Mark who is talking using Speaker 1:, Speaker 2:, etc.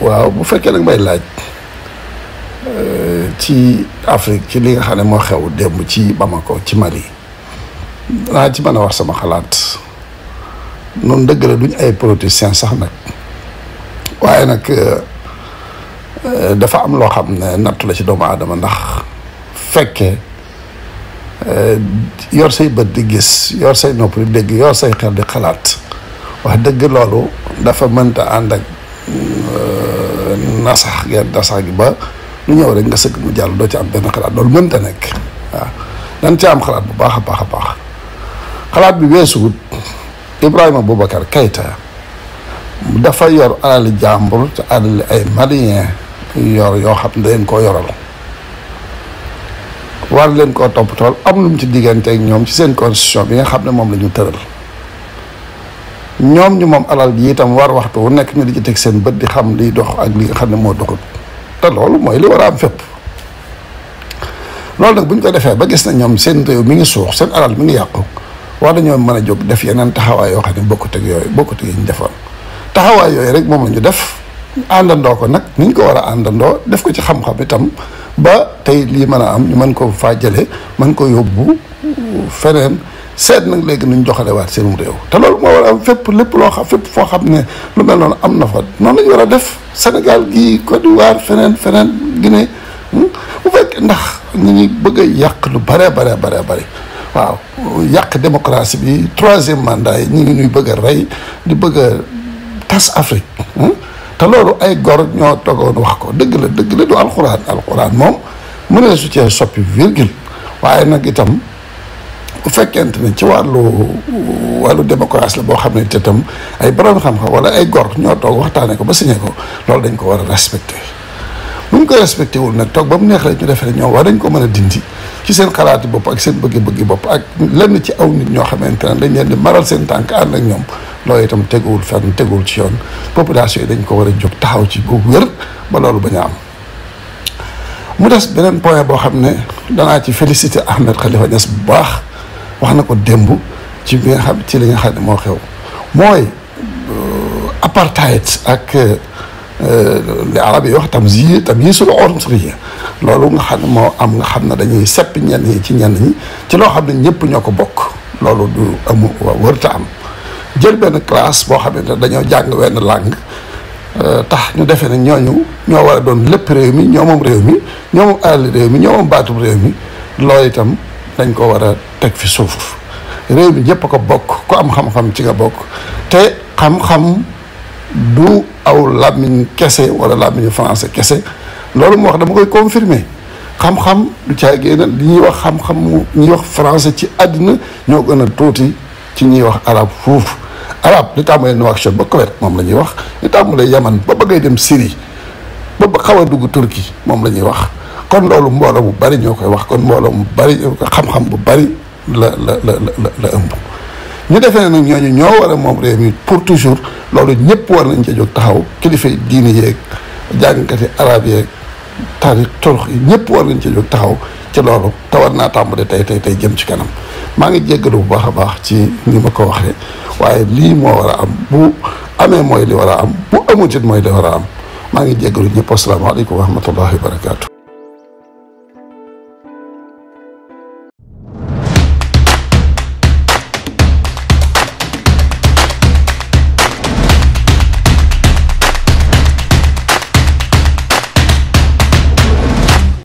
Speaker 1: waaw bu fekkee nag may laaj eh, ci Afrique ci li nga xam ne moo xew démb ci Bamako ci Mali naa ci mën a wax sama xalaat noonu dëgg la duñ ay politiciens sax nag waaye nag eh, dafa am loo xam ne nattu la ci doomu aadama ndax fekkee eh, yor say bët di gis yor say nopp di dégg yor say xel di xalaat wax dëgg loolu dafa mënta ànd ak euh, nasax ge nasax gi ba lu ñëw rek nga sëgg mu jàll doo ci am benn xalaat loolu mënta nekk waaw dañ ci am xalaat bu baax a baax a baax xalaat bi weesuwut Ibrahima Boubacar kayta dafa yor alali jàmbur te alali ay malien yor yoo xam ne dañ koo yoral war leen koo topp tool am lu mu ci digganteeg ñoom ci seen constitution bi nga xam ne moom lañu tëral ñoom ñu moom alal ji itam war waxtu wu nekk ñu di ci teg seen bët di xam liy dox ak li nga xam ne moo doxul te loolu mooy li war a am fépp. loolu nag bu ñu ko defee ba gis na ñoom seen réew mi ngi suux seen alal mi ngi yàqu war nañoo mën a jóg def yeneen taxawaay yoo xam ne bokkut ak yooyu bokkut ak ñu defoon taxawaay yooyu rek moom la ñu def àndandoo ko nag ni ñu ko war a àndandoo def ko ci xam-xam itam ba tey lii mën a am ñu mën ko faa jëlee mën ko yóbbu feneen. seet nag léegi nu ñu joxale waat seen réew te loolu moo war a am fépp lépp loo xam fépp foo xam ne lu mel noonu am na fa noonu lañu war a def Sénégal gi Côte d'Ivoire feneen feneen Guinée hmm? bu fekk ndax ñi ñuy bëgg yàq lu bare bare bare bare waaw yàq démocratie bi troisième mandat yi ñu ngi ñuy bëgg a rey di bëgg a tas Afrique hmm? te loolu ay gor ñoo togoon wax ko dëgg la dëgg la du alxuraan alxuraan moom mu ne su cee soppi virgule waaye nag itam bu fekkente ne ci wàllu wàllu démocratie la boo xam ne te tam ay borom xam-xam wala ay gor ñoo toog waxtaanee ko ba signé ko loolu dañ ko war a respecté bu ko respecté wul nag toog ba mu neex rek ñu defee ñoom war dañ ko mën a dindi ci seen xalaati bopp ak seen bëgg-bëggi bopp ak lenn ci aw nit ñoo xamante ne dañ leen di maral seen tànk ànd ak ñoom loolu itam teguwul fenn teguwul ci yoon population yi dañ ko war a jóg taxaw ci bu wér ba loolu bañ a am. mu des beneen point boo xam ne danaa ci félicité Ahmed Khalifa Niass bu baax. wax na ko démb ci bi nga xam ci li nga moo xew mooy euh, apartheid ak euh, li arab yi wax tam zi tam yi suñu loolu nga xam ne moo am nga xam ne dañuy sepp ñenn ñi ci ñenn ñi ci loo xam ne ñëpp ñoo ko bokk loolu du amu wërta am jël benn classe boo xam ne dañoo jàng wenn langue euh, tax ñu defee ne ñooñu ñoo war a doon lépp réew mi ñoo moom réew mi ñoo moom alal réew mi ñoo baatum réew mi loolu itam dañ ko war teg fi suuf réew mi a ko bokk ku am xam-xam ci nga bokk te xam-xam du aw làmmiñ kese wala làmmiñu français kese loolu mu wax dama koy confirmer xam-xam du caa génn li ñuy wax xam-xam mu ñuy wax français ci àddina ñoo gën a tuuti ci ñuy wax arab foofu arab li tàmbalee Nouakchott ba Koweït moom la ñuy wax li tàmbalee Yaman ba bëggay dem Syrie ba ba xaw a dugg Turquie moom la ñuy wax kon loolu mbooloo bu bari ñoo koy wax kon mbooloo mu bari xam-xam bu bari la la la la la ëmb ñu defee nag ñooñu ñoo war a moom réew mi pour toujours loolu ñëpp war nañ ca jóg taxaw kilifa yi diini yeeg jàngkati arab yeeg taarix torox yi ñëpp war nañ ca jóg taxaw ci loolu te war naa tàmbale tey tey tey jëm ci kanam maa ngi jéggalu bu baax a baax ci ñi ma ko waxee waaye lii moo war a am bu amee mooy li war a am bu amul it mooy li war a am maa ngi jéggalu ñëpp asalaamaaleykum wa rahmatullahi wa barakaatu.